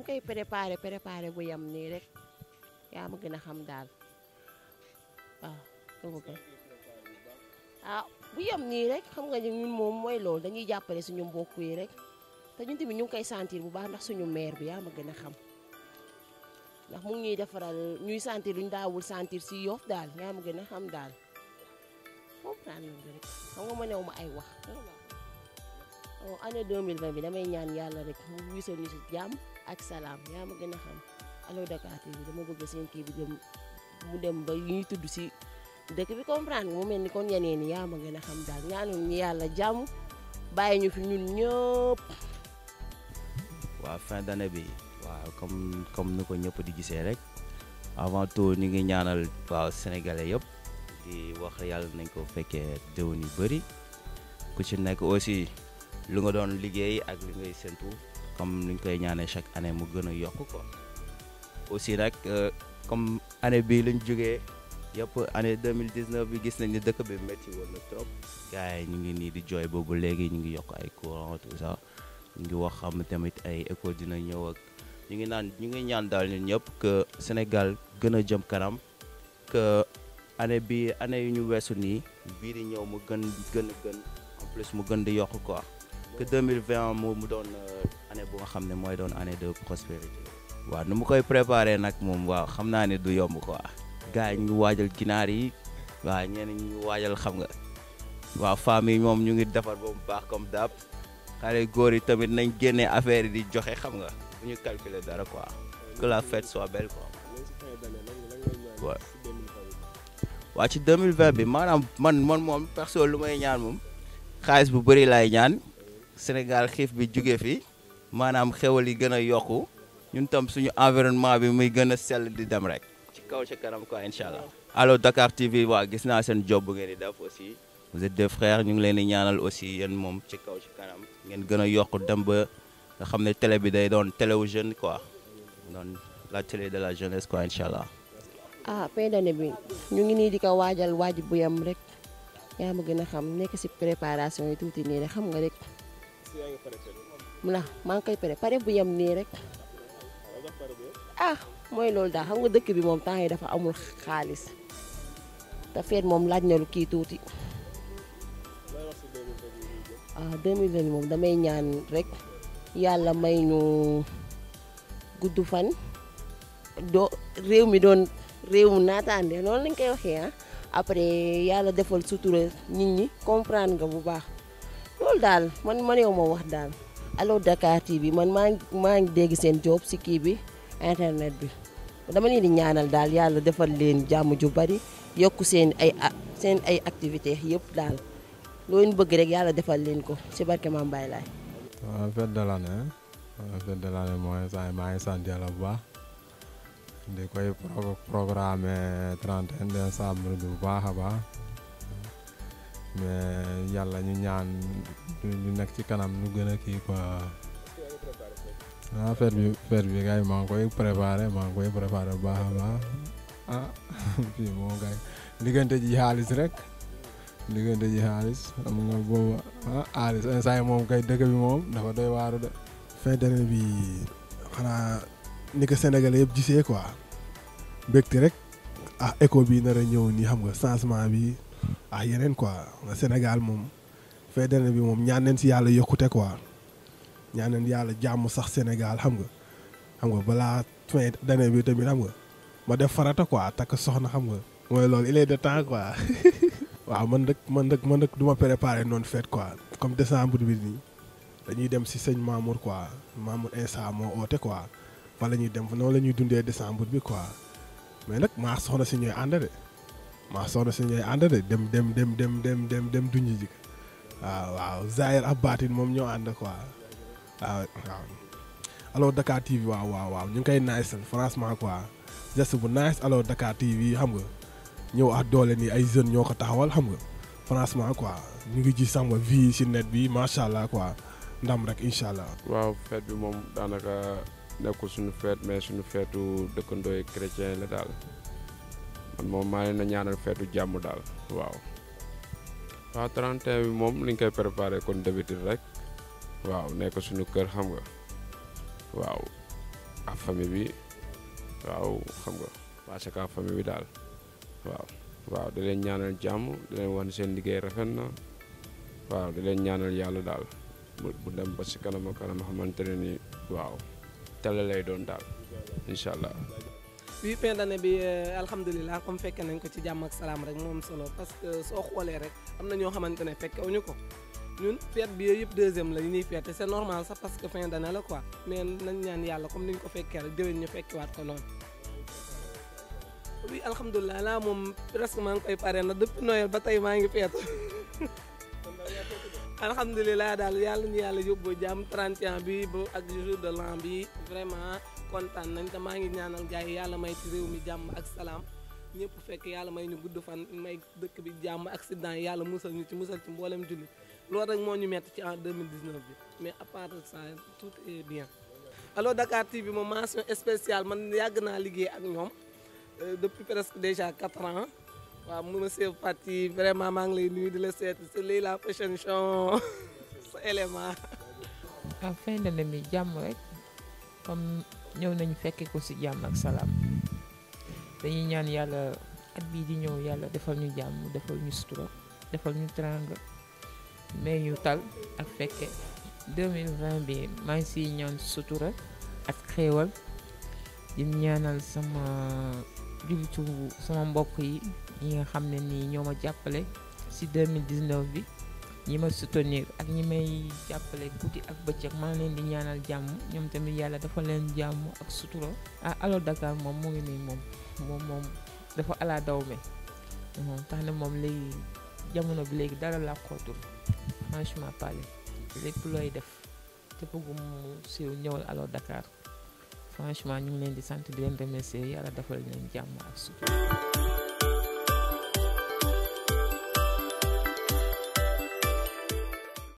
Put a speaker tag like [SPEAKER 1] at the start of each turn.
[SPEAKER 1] ngi koy préparé préparé bu yam nii rek yaa ma gën xam daal waaw ah bu yam nii rek xam nga ñun moom mooy lool dañuy jàppale suñu mbokk yi rek te ñun tamit ñu ngi koy sentir bu baax nax suñu maire bi yaa ma gën a xam ndax mu ngi ñuy defaral ñuy sentir luñ daawul sentir si Yoff daal yaa ma gën a xam daal comprendre nga rek ay wax année 2020 bi damay ñaan yàlla rek mu wisal ñu si jàmm ak salam yaa ma gën xam allo Dakar TV dama bëgg seen kii bi dem mu dem ba ñuy tudd si dëkk bi comprendre mu mel ni kon ñeneen yaa ma gën xam daal ñaanu ñu yàlla jàmm bàyyi ñu fi ñun ñëpp.
[SPEAKER 2] waaw fin d'année bi waaw comme comme ni ko ñëpp di gisee rek avant tout ñu ngi ñaanal waaw sénégalais yëpp di wax yàlla nañ ko fekkee déwén yu bëri ku ci nekk aussi lu nga doon liggéey ak li ngay séntu. comme ni ñu koy ñaanee chaque année mu gën a yokk ko aussi nag euh, comme année bii lañ jógee yëpp année 2019 bi gis nañ ni dëkk bi métti woon na trop gars ñu ngi nii di jooy boobu léegi ñu ngi yokk ay courant tout ça ñu ngi wax xam tamit ay école dina ñëw ak ñu ngi naan ñu ngi ñaan daal ñun ñëpp que Sénégal gën a jëm kanam que année bi année yu ñu weesu nii bii di ñëw mu gën gën a gën en plus mu gën di yokk quoi que 2020 mu mu doon euh, année bu nga xam ne mooy doon année de waaw nu mu koy préparé nag moom waaw xam naa ne du yomb quoi. gars yi ñu ngi waajal ginaar yi waaw ñeneen ñu waajal xam nga waaw famille yi moom ñu ngi defar ba mu baax comme dab xale góor yi tamit nañ génne affaire di joxe xam nga bu ñu calculer dara quoi. que la fête soit belle quoi. waa ci bi maanaam man man moom perso lu may ñaan moom xaalis bu bëri laay ñaan Sénégal xiif bi jugee fi maanaam xéwal yi gën a yokku ñun tam suñu environnement bi muy gën a sell di dem rek. ci kaw ci kanam quoi incha allah. allo Dakar TV waa gis naa seen job bu ngeen di def aussi vous êtes des frères ñu ngi leen di ñaanal aussi yéen moom ci kaw ci kanam ngeen gën a yokk dem ba nga xam ne télé bi day doon télé wu jeune quoi doon la télé de la jeunesse quoi allah.
[SPEAKER 1] ah fin bi ñu ngi nii di ka waajal waajib bu yam rek yaa ma a xam nekk si préparation yi tuuti nii rek xam nga rek. muna man koy pare pare bu yam ni rek ah moy lol da xam nga dekk bi mom tanay dafa amul khalis ta fet mom laaj na lu ki tuuti ah 2020 mom damay ñaan rek yalla may ñu guddu fan do rew mi don rew mu naataande noonu lañ koy waxe ah après yalla defal sutura nit ñi comprendre nga bu baax loolu daal man man yow ma wax daal allo Dakar bi man maa ngi maa ngi dégg seen job si kii bi internet bi dama leen di ñaanal daal yàlla defal leen jàmm ju bari yokk seen ay seen ay activité yëpp daal loo bëgg rek yàlla defal leen ko si barke Mame Mbaye Laye.
[SPEAKER 3] waaw fête de l'année fête de l'année mooy saa maa ngi sant yàlla bu baax a baax. mais eh, yàlla ñu ñaan ñu nekk ci kanam ñu gën a kii quoi. ah fête bi fête bi kay maa ngi koy préparé ma ngi koy préparé bu baax a baax ah fii moom kay diggante rek diggante ji xaalis xam nga boobu ah moom kay dëkk bi moom dafa doy waaru de. fin bi xanaa ni ko Sénégalais yëpp gisee quoi mbégte rek ah écho bi nar a ñëw nii xam nga changement bi. ah yeneen quoi Sénégal moom feeñ bi moom ñaan nañ si yàlla yokkute quoi ñaan nañ yàlla jàmm sax Sénégal xam nga xam nga balaa fin d'année bi tamit xam nga ma def farata quoi takk soxna xam nga mooy loolu il de temps quoi waaw man nag man nag man nag du ma préparé noonu fête quoi comme décembre bi nii dañuy dem si sëñ Mamour quoi Mamour Insa moo oote quoi fa la ñuy dem noonu la ñuy dundee décembre bi quoi mais nag maa soxna si ñooy ma soxna si ñooy ànd de dem dem dem dem dem dem dem duñu jik waaw waaw Zahir ak baatin moom ñoo ànd quoi waaw waaw alors Dakar TV waaw waaw waaw ñu ngi koy nice franchement quoi geste bu nice alors Dakar TV xam nga ñëw ak doole nii ay jeunes ñoo ko taxawal xam nga franchement quoi ñu ngi gis sama vie si net bi macha allah quoi ndam rek incha allah.
[SPEAKER 2] waaw fête bi moom daanaka nekkul suñu fête mais suñu feetu dëkkandoo yi chrétien la daal. kon mom ma leena ñaanal fetu jamm dal waaw wa 31 bi mom liñ ngay préparer kon d'habitude rek waaw nek suñu kër xam nga waaw a famille bi waaw xam nga parce que ak famille bi dal waaw waaw da leen ñaanal jamm da leen wan seen liggéey rafet na waaw da leen ñaanal yàlla dal bu dem ba ci kanam ak kanam xamante ni waaw tele lay doon dal inshallah
[SPEAKER 4] bi fin d'année bi euh, alhamdulilah comme fekkee nañ ko ci jàmm ak salaam rek moom solo parce que soo xoolee rek am na ñoo xamante ne fekkewuñu ko ñun fête bi yëpp deuxième la ñu ñuy c'est normal sax parce que fin d'année la quoi mais nañ ñaan yàlla comme ni ko fekkee rek déwén ñu fekkiwaat ko noonu. oui alhamdulilah laa moom presque maa ngi koy pare na depuis Noël ba tey maa ngi feetu alhamdulilah daal yàlla ñu yàlla yóbbu jàmm 31 bi ba ak bi vraiment. kontaan nañ te maa ngi ñaanal gars yi yàlla may ci réew mi jàmm ak salaam ñëpp fekk yàlla may ñu gudd fan may dëkk bi jàmm accident yi yàlla musal ñu ci musal ci mboolem julli loolu rek moo ñu metti ci en 2019 bi mais à part ça tout est bien. alors Dakar TV moom mention spéciale man yàgg naa liggéey ak ñoom euh, depuis presque déjà 4 ans waaw mu ma seef parti vraiment maa ngi lay nuyu di la seet c'est lii la prochaine chanson sa élément.
[SPEAKER 1] waaw fay na mi jàmm rek comme. ñëw nañu fekke ko ci jàmm ak salaam dañuy ñaan yàlla at bii di ñëw yàlla defal ñu jàmm defal ñu sutura defal ñu teranga mais ñu tal ak fekke 2020 bi maa ngi ciy ñaan sutura ak xéewal di ñaanal sama jullitu sama mbokk yi ñi nga xam ne nii ñoo ma jàppale ci 2019 bi ñi ma soutenir ak ñi may jàppalee guddi ak bëccëg maa ngi leen di ñaanal jàmm ñoom tamit yàlla dafa leen jàmm ak sutura ah Allo Dakar moom mu ngi nii moom moom moom dafa ala daw me moom tax na moom léegi jamono bi léegi dara làqootul franchement parler lépp looy def te bëggu siiw ñëwal Allo Dakar franchement ñu ngi leen di sant di leen remercier yàlla dafa leen jàmm ak sutura